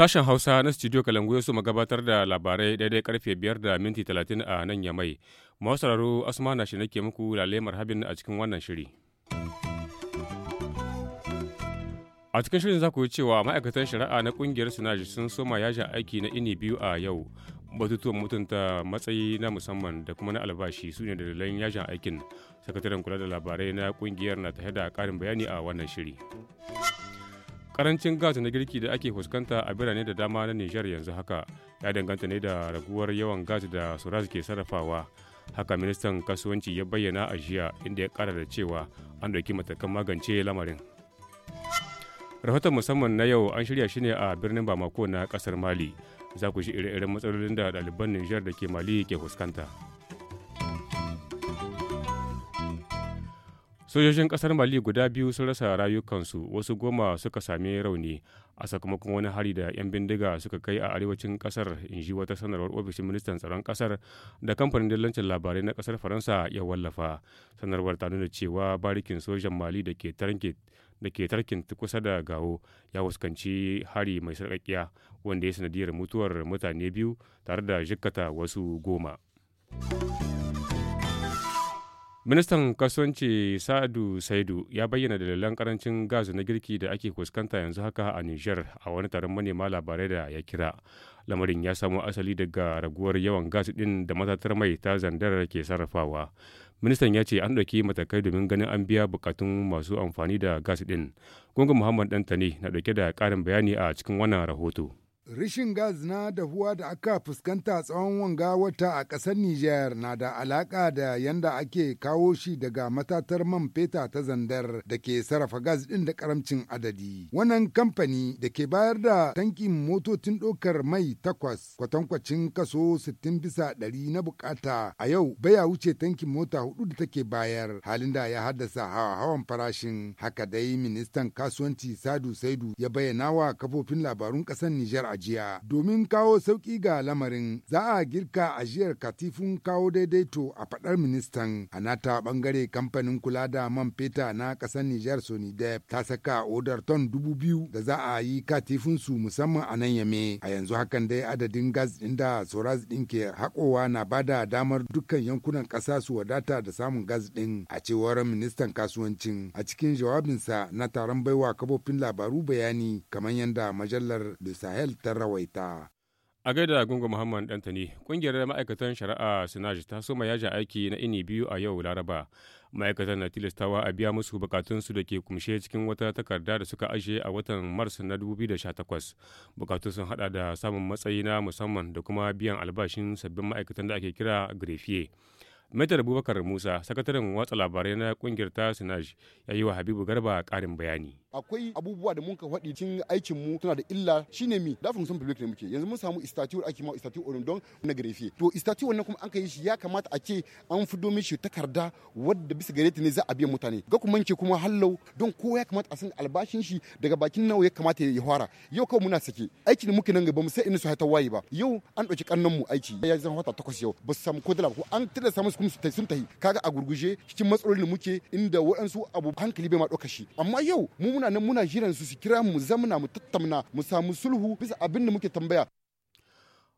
sashen hausa na studio kalangu ya so gabatar da labarai daidai karfe biyar da minti talatin a nan ya mai asma na shi ke muku lalemar habin a cikin wannan shiri a cikin shirin za ku yi cewa ma'aikatan shari'a na kungiyar sinaji sun soma yajin aiki na ini biyu a yau batutuwan mutunta matsayi na musamman da kuma na albashi su ne dalilan yajin aikin sakataren kula da labarai na kungiyar na tare da karin bayani a wannan shiri karancin gas na girki da ake fuskanta a birane da dama na nijar yanzu haka ya danganta ne da raguwar yawan gas da suraz ke sarrafawa haka ministan kasuwanci ya bayyana a jiya inda ya kara da cewa an ɗauki matakan magance lamarin rahoton musamman na yau an shirya shi ne a birnin bamako na kasar mali za ku ji ire-iren matsalolin da ɗaliban Nijar da ke Mali ke fuskanta. sojojin kasar mali guda biyu sun rasa rayukansu wasu goma suka sami rauni a sakamakon wani hari da 'yan bindiga suka kai a arewacin kasar in ji wata sanarwar ofishin ministan tsaron kasar da kamfanin dillancin labarai na kasar faransa ya wallafa sanarwar ta nuna cewa barikin sojan mali da ke tarkin da kusa da gawo ya fuskanci hari mai sarƙaƙiya wanda ya sanadiyar mutuwar mutane biyu tare da jikkata wasu goma. ministan kasuwanci sa'adu saidu ya bayyana dalilan karancin gas na girki da ake fuskanta yanzu haka a niger a wani taron manema labarai da ya kira lamarin ya samo asali daga raguwar yawan gas din da matatar mai ta zandar ke sarrafawa ministan ya ce an ɗauki matakai domin ganin an biya bukatun masu amfani da gas din gungun muhammad dantani na ɗauke da ƙarin bayani a cikin wannan rahoto Rishin gas na dahuwa da aka fuskanta tsawon wanga wata a ƙasar Nijar na da alaƙa da yanda ake kawo shi daga matatar man feta ta zandar da ke sarrafa gas ɗin da ƙaramcin adadi. Wannan kamfani da ke bayar da tankin motocin ɗaukar mai takwas kwatankwacin kaso 60 bisa ɗari na bukata a yau baya wuce tankin mota hudu da take bayar halin da ya haddasa hawa-hawan farashin. Haka dai ministan kasuwanci Sadu Saidu ya bayyana wa kafofin labarun ƙasar Nijar a ajiya domin kawo sauki ga lamarin za a girka ajiyar katifin kawo daidaito a faɗar ministan a nata bangare kamfanin kula da man feta na ƙasar Nijar Sonidep ta saka odar ton dubu biyu da za a yi katifin su musamman a nan yame a yanzu hakan dai adadin gas ɗin da soraz ɗin ke hakowa na bada damar dukkan yankunan ƙasa su wadata da samun gas ɗin a cewar ministan kasuwancin a cikin jawabinsa na taron baiwa kafofin labaru bayani kamar yadda majalar de Sahel ta rawaita. a gaida gungu muhammad dantani kungiyar ma'aikatan shari'a Sinaj ta soma yaji aiki na ini biyu a yau laraba ma'aikatan na tilastawa a biya musu bukatunsu da ke kumshe cikin wata takarda da suka ajiye a watan mars na 2018 bukatun sun hada da samun matsayi na musamman da kuma biyan albashin sabbin ma'aikatan da ake kira grefie. Maitar Abubakar Musa, sakataren watsa labarai na kungiyar ta Sinaj, ya yi wa Habibu Garba karin bayani. akwai abubuwa da mun ka faɗi cikin aikin mu tana da illa shine mi da function public ne muke yanzu mun samu istatiwar ake ma istatiwar orin don na grefe to istatiwar wannan kuma an kai shi ya kamata a ce an fido mishi takarda wadda bisa gare ta ne za a biya mutane ga kuma ke kuma hallau don kowa ya kamata a san albashin shi daga bakin nawa ya kamata ya fara yau kawai muna sake aiki da muke nan gaba mu sai in su hata waye ba yau an ɗauki kannan mu aiki ya zama wata takwas yau ba su samu ko dala ko an tada samu su sun tahi kaga a gurguje cikin matsalolin muke inda waɗansu abu hankali bai ma shi amma yau mu muna nan muna jiran su su kira mu zamna mu tattauna mu samu sulhu bisa abin da muke tambaya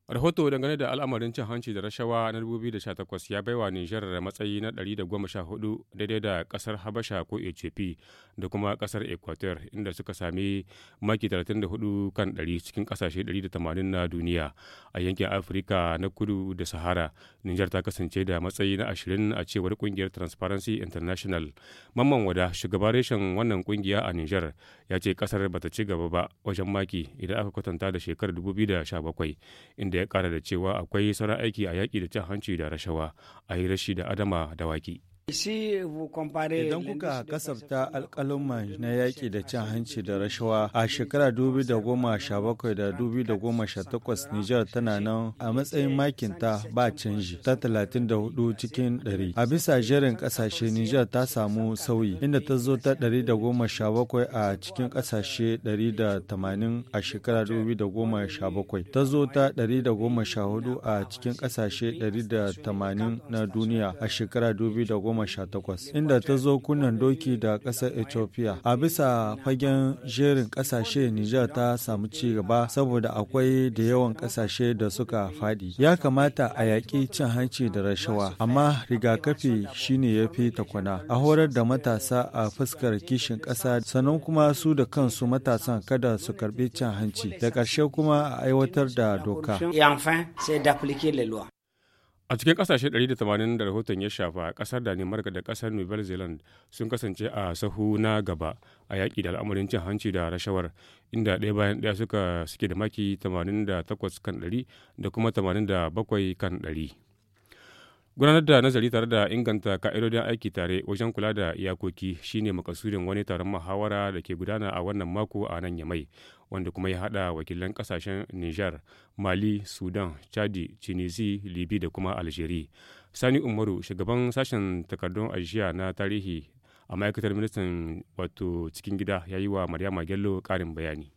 rahoto dangane da al'amarin cin hanci da rashawa na 2018 ya baiwa nijar matsayi na 114 daidai da kasar habasha ko hp da kuma kasar ecuador inda suka sami maki 34 kan 100 cikin kasashe 180 na duniya a yankin afirka na kudu da sahara nijar ta kasance da matsayi na 20 a cewar kungiyar transparency international mamman wada shugaban reshen wannan kungiya a nijar ya ce kasar bata ci gaba ba wajen maki idan aka kwatanta da shekarar 2017 inda ya kara da cewa akwai sauran aiki a yaƙi da cin hanci da rashawa a yi rashi da adama da waƙi. Idan kuka kasafta alƙalumma na yaƙi da cin hanci da rashawa a shekara 2017 da 2018 Nijar tana nan a matsayin makinta ba canji ta 34 cikin 100. A bisa jerin ƙasashe Nijar ta samu sauyi inda ta zo ta 117 a cikin ƙasashe 180 a shekara 2017. Ta zo ta 114 a cikin ƙasashe 180 na duniya a shekara 2017. goma inda ta zo kunan doki da ƙasar Ethiopia. A bisa fagen jerin ƙasashe Nijar ta samu ci gaba saboda akwai da yawan ƙasashe da suka faɗi. Ya kamata a yaƙi cin hanci da rashawa, amma rigakafi shine ya fi takwana. A horar da matasa a fuskar kishin ƙasa sannan kuma su da kansu matasan kada su karɓi cin hanci. Da karshe kuma a aiwatar da doka. A cikin kasashe 180 da rahoton ya shafa, kasar ne da kasar new Zealand sun kasance a sahu na gaba a yaƙi da al'amarin cin hanci da rashawar, inda ɗaya bayan ɗaya suka suke da maki 88 kan 100 da kuma 87 kan 100. gudanar da nazari tare da inganta ka'idodin aiki tare wajen kula da iyakoki shine makasudin wani taron muhawara da ke gudana a wannan mako a nan yamai wanda kuma ya hada wakilan kasashen niger mali sudan chadi tunisi libi da kuma algeria sani umaru shugaban sashen takardun ajiya na tarihi a ma'aikatar ministan wato cikin gida ya yi wa maryama gello karin bayani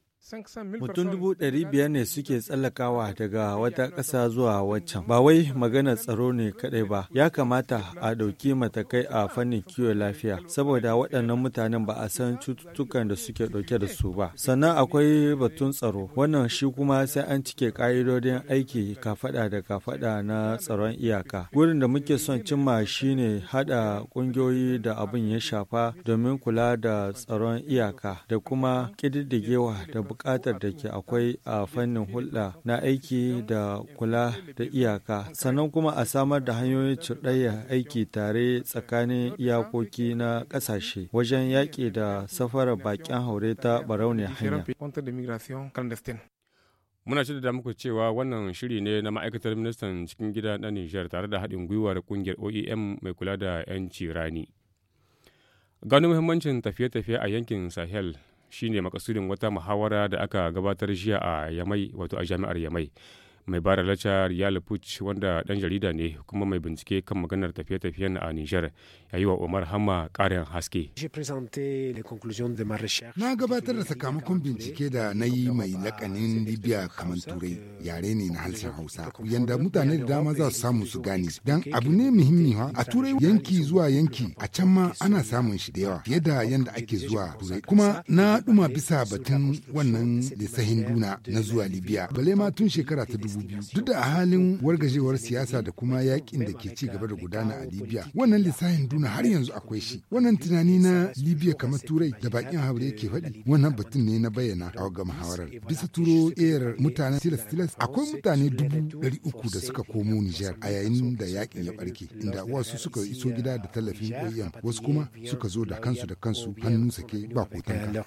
Mutum dubu ɗari biyar ne suke tsallakawa daga wata ƙasa zuwa waccan. Ba wai magana tsaro ne kaɗai ba, ya kamata a ɗauki matakai a fannin kiwon lafiya, saboda waɗannan mutanen ba a san cututtukan da suke ɗauke da su ba. Sannan akwai batun tsaro, wannan shi kuma sai an cike ƙa'idodin aiki kafaɗa da kafaɗa na tsaron iyaka. Gurin da muke son cimma shine haɗa ƙungiyoyi da abin ya shafa domin kula da tsaron iyaka da kuma ƙididdigewa da buƙatar da ke akwai a fannin hulɗa na aiki da kula da iyaka sannan kuma a samar da hanyoyin cuɗayya aiki tare tsakanin iyakoki na ƙasashe wajen yaƙi da safarar baƙin haure ta barauniyar hanya. Muna shirya da muku cewa wannan shiri ne na ma'aikatar ministan cikin gida na Nijar tare da haɗin gwiwar ƙungiyar OEM mai kula da 'yanci rani. Gano muhimmancin tafiye-tafiye a yankin Sahel shine makasudin wata muhawara da aka gabatar jiya a Yamai wato a jami'ar Yamai. mai bada lachar Riyal Puch wanda dan jarida ne kuma mai bincike kan maganar tafiye-tafiyen a Nijar ya yi wa Umar Hamma ƙarin haske. Na gabatar da sakamakon bincike da na yi mai lakanin Libya kamar Turai yare ne na harshen Hausa yanda mutane da dama za su samu su gane dan abu ne muhimmi ha a Turai yanki zuwa yanki a can ma ana samun shi da yawa fiye da yanda ake zuwa Turai kuma na ɗuma bisa batun wannan lissahin duna na zuwa Libya balema tun shekara ta dubu dubu duk da a halin wargajewar siyasa da kuma yakin da ke ci gaba da gudana a libya wannan lissafin duna har yanzu akwai shi wannan tunani na libya kamar turai da bakin haure ke faɗi wannan batun ne na bayyana a ga muhawarar bisa turo air mutanen tilas tilas akwai mutane dubu ɗari uku da suka komo nijar a yayin da yakin ya barke inda wasu suka iso gida da tallafin oem wasu kuma suka zo da kansu da kansu hannu sake ba kotanka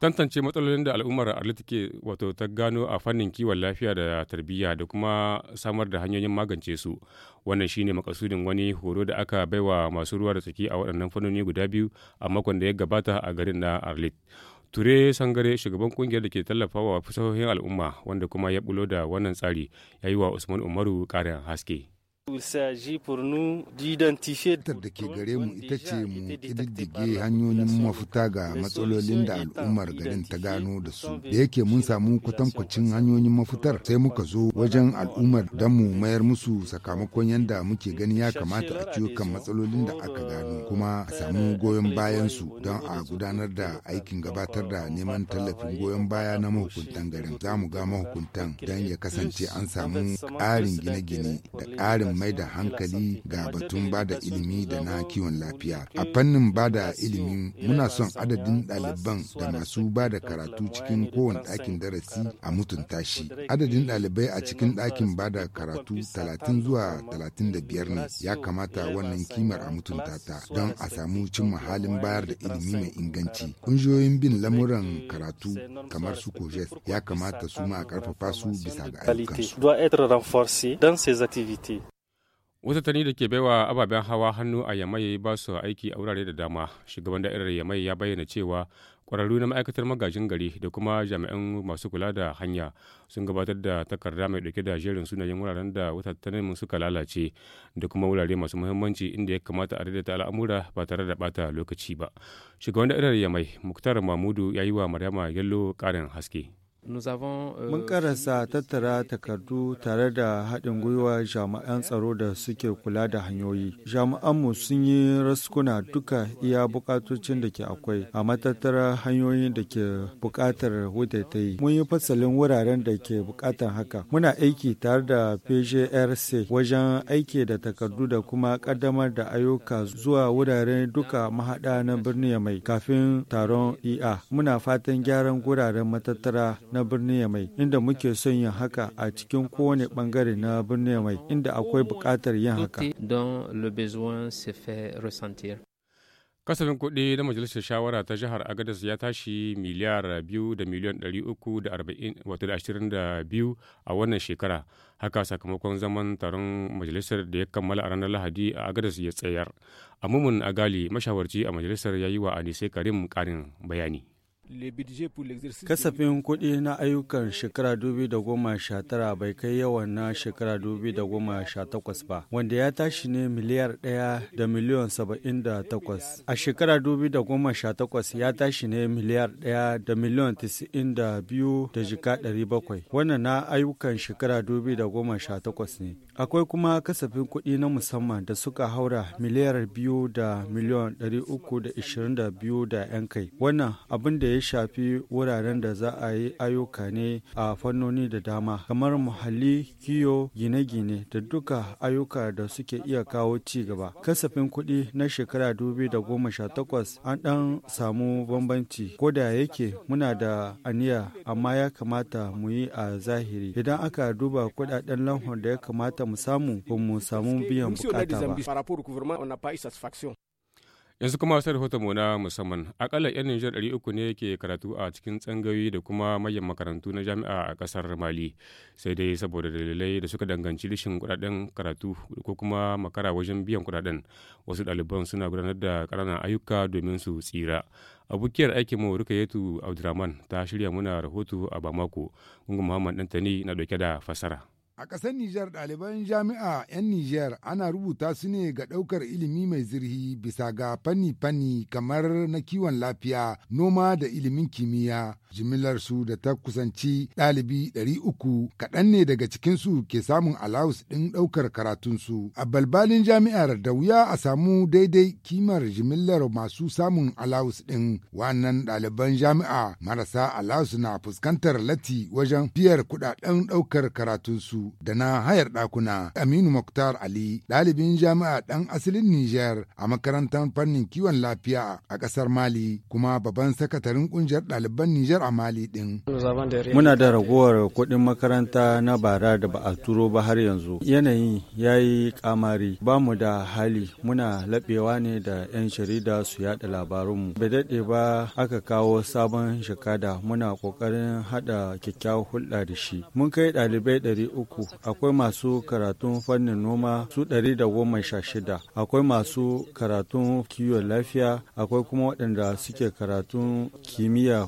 Tantance matsalolin da al'ummar Arlit ke wato ta gano a fannin kiwon lafiya da tarbiyya da kuma samar da hanyoyin magance su. Wannan shine makasudin wani horo da aka baiwa masu ruwa da tsaki a waɗannan fannoni guda biyu a makon da ya gabata a garin na Arlit. Ture Sangare shugaban kungiyar da ke tallafawa fasahohin al'umma wanda kuma ya bulo da wannan tsari ya yi wa Usman Umaru ƙarin haske. Fitar da ke gare mu ita ce mu ƙididdige hanyoyin mafita ga matsalolin da al'ummar garin ta gano da su. Da yake mun samu kwatankwacin hanyoyin mafitar sai muka zo wajen al'ummar don mu mayar musu sakamakon yadda muke gani ya kamata a ciwo kan matsalolin da aka gano euh, kuma a samu goyon bayan su don a gudanar da aikin gabatar da neman tallafin goyon baya na mahukuntan garin. Za mu ga mahukuntan don ya kasance an samu ƙarin gine-gine da ƙarin mai da hankali ga batun bada ilimi da na kiwon lafiya. A eh, fannin bada ilimi muna son adadin ɗaliban da masu bada karatu cikin kowane ɗakin darasi a mutunta shi. Adadin ɗalibai a eh, cikin ɗakin bada karatu talatin zuwa talatin da biyar ne ya kamata wannan kimar a mutunta ta don a samu cimma halin bayar da ilimi mai inganci. Ƙungiyoyin bin lamuran karatu kamar su kojes ya kamata su ma a ƙarfafa su bisa ga ayyukansu. Wasu tani da ke baiwa ababen hawa hannu a Yamai ba su aiki a wurare da dama. Shugaban da'irar Yamai ya bayyana cewa kwararru na ma'aikatar magajin gari da kuma jami'an masu kula da hanya sun gabatar da takarda mai dauke da jerin sunayen wuraren da watattanin suka lalace da kuma wurare masu muhimmanci inda ya kamata a daidaita al'amura ba tare da bata lokaci ba. Shugaban da'irar Yamai Muktar mamudu ya yi wa Maryama Yallo ƙarin haske. Euh, Mun karasa tattara takardu tare da euh, haɗin gwiwa jami'an tsaro da suke kula da hanyoyi. Jami'anmu sun yi raskuna duka iya bukatocin da ke akwai a matattara hanyoyin da ke bukatar yi. Mun yi fasalin wuraren da ke bukatar haka. Muna aiki tare da PJRC wajen aiki da takardu da kuma ƙaddamar da ayyuka zuwa wuraren duka mahaɗa na birni mai kafin taron IA. E Muna fatan gyaran wuraren matattara na birnin Yamai inda muke son yin haka a cikin kowane bangare na birnin Yamai inda akwai bukatar yin haka. Kasafin kuɗi na Majalisar Shawara ta Jihar Agadas ya tashi miliyar biyu da miliyan ɗari a wannan shekara. Haka sakamakon zaman taron majalisar da ya kammala a ranar Lahadi a Agadas ya tsayar. a Amumun Agali mashawarci a majalisar ya yi wa Anise Karim karin bayani. Kasafin kuɗi na ayyukan shekara 2019 bai kai yawan na shekara 2018 ba, wanda ya tashi ne miliyar ɗaya da miliyon 78. A shekara 2018 ya tashi ne miliyar ɗaya da miliyon 92 da jika 700. Wannan na ayyukan shekara 2018 ne. Akwai kuma kasafin kuɗi na musamman da suka haura miliyar biyu da miliyan ɗari uku da ishirin da biyu da 'yan kai. Wannan abin da ya shafi wuraren da za a yi ayyuka ne a fannoni da dama, kamar muhalli, kiyo, gine-gine da duka ayyuka da suke iya kawo ci gaba. Kasafin kuɗi na shekara dubi da goma sha takwas an ɗan samu bambanci, ko da yake muna da aniya amma ya kamata mu yi a zahiri. Idan aka duba kuɗaɗen lanhon da ya kamata mu samu ba mu samu biyan bukata ba. yanzu kuma wasu rahoton mu na musamman akalla 'yan nijar 300 ne ke karatu a cikin tsangayoyi da kuma manyan makarantu na jami'a a kasar mali sai dai saboda dalilai da suka danganci rashin kudaden karatu ko kuma makara wajen biyan kudaden wasu ɗaliban suna gudanar da ƙananan ayyuka domin su tsira abokiyar aikin mu rukayetu Abdulrahman ta shirya muna rahoto a bamako gungun muhammad dantani na dauke da fasara A ƙasar Nijar ɗaliban jami'a 'yan Nijar ana rubuta su ne ga ɗaukar ilimi mai zirhi bisa ga fanni-fanni kamar na kiwon lafiya, noma da ilimin kimiyya. Jimilar su da ta kusanci ɗalibi 300 kaɗan ne daga cikinsu ke samun alawus ɗin ɗaukar karatunsu. A balbalin jami'ar da wuya a samu daidai kimar jimillar masu samun alawus ɗin wannan ɗaliban jami'a marasa alaus na fuskantar lati wajen biyar kuɗaɗen ɗaukar karatunsu. da na hayar ɗakuna. Aminu Muktar Ali, ɗalibin jami'a ɗan asalin Nijar a makarantar fannin kiwon lafiya a ƙasar Mali, kuma babban sakatarin ƙungiyar ɗaliban Nijar a Mali ɗin. Muna da ragowar kuɗin makaranta na bara da ba a turo ba har yanzu. Yanayin ya yi kamari, ba mu da hali, muna laɓewa ne da 'yan jarida su yaɗa labarunmu. Bai daɗe ba aka kawo sabon shekada muna ƙoƙarin haɗa kyakkyawar hulɗa da shi. Mun kai ɗalibai ɗari uku uku, akwai masu karatun fannin noma su ɗari da goma sha shida, akwai masu karatun kiwon lafiya, akwai kuma waɗanda suke karatun kimiyya.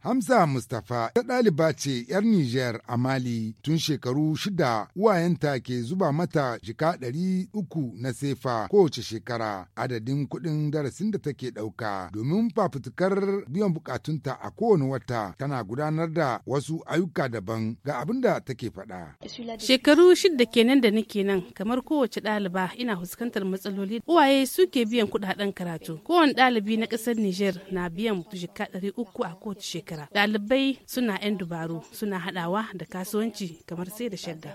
Hamza Mustapha ta ɗaliba ce 'yar niger a Mali tun shekaru shida uwayenta ke zuba mata jika ɗari uku na sefa kowace shekara adadin kuɗin darasin da take ɗauka domin fafutukar biyan bukatunta a kowane wata tana gudanar da wasu ayyuka daban ga abin da take faɗa. faɗa. Shekaru shida kenan da nake nan kamar kowace ɗaliba ina fuskantar matsaloli uwaye suke biyan kuɗaɗen karatu. Kowane ɗalibi na ƙasar Nijar na biyan jika ɗari uku a kowace shekara. Ɗalibai suna 'yan dubaru suna haɗawa da kasuwanci kamar sai da shadda.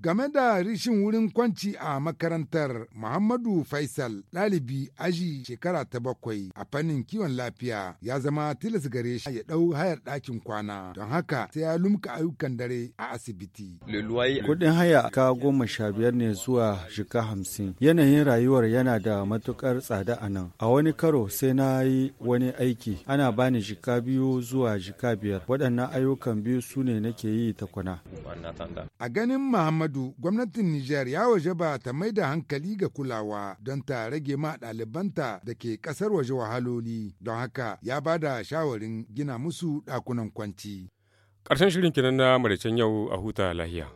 Game da rishin wurin kwanci a makarantar Muhammadu Faisal ɗalibi aji shekara ta bakwai a fannin kiwon lafiya ya zama tilas gare shi ya ɗau hayar ɗakin kwana don haka sai ya lumka ayyukan dare a asibiti. Kudin haya ka goma sha biyar ne zuwa shika hamsin. Yanayin rayuwar yana da matukar tsada a nan. A wani karo sai na yi wani aiki ana bani shika biyu zuwa shika biyar. Waɗannan ayyukan biyu su ne nake yi ta kwana. A ganin Muhammadu gwamnatin Nijar ya waje ba ta mai da hankali ga kulawa don ta rage ma ɗalibanta da ke ƙasar waje wahaloli don haka ya ba da shawarin gina musu ɗakunan kwanci. Ƙarshen shirin kinan na maraicen yau a huta lahiya.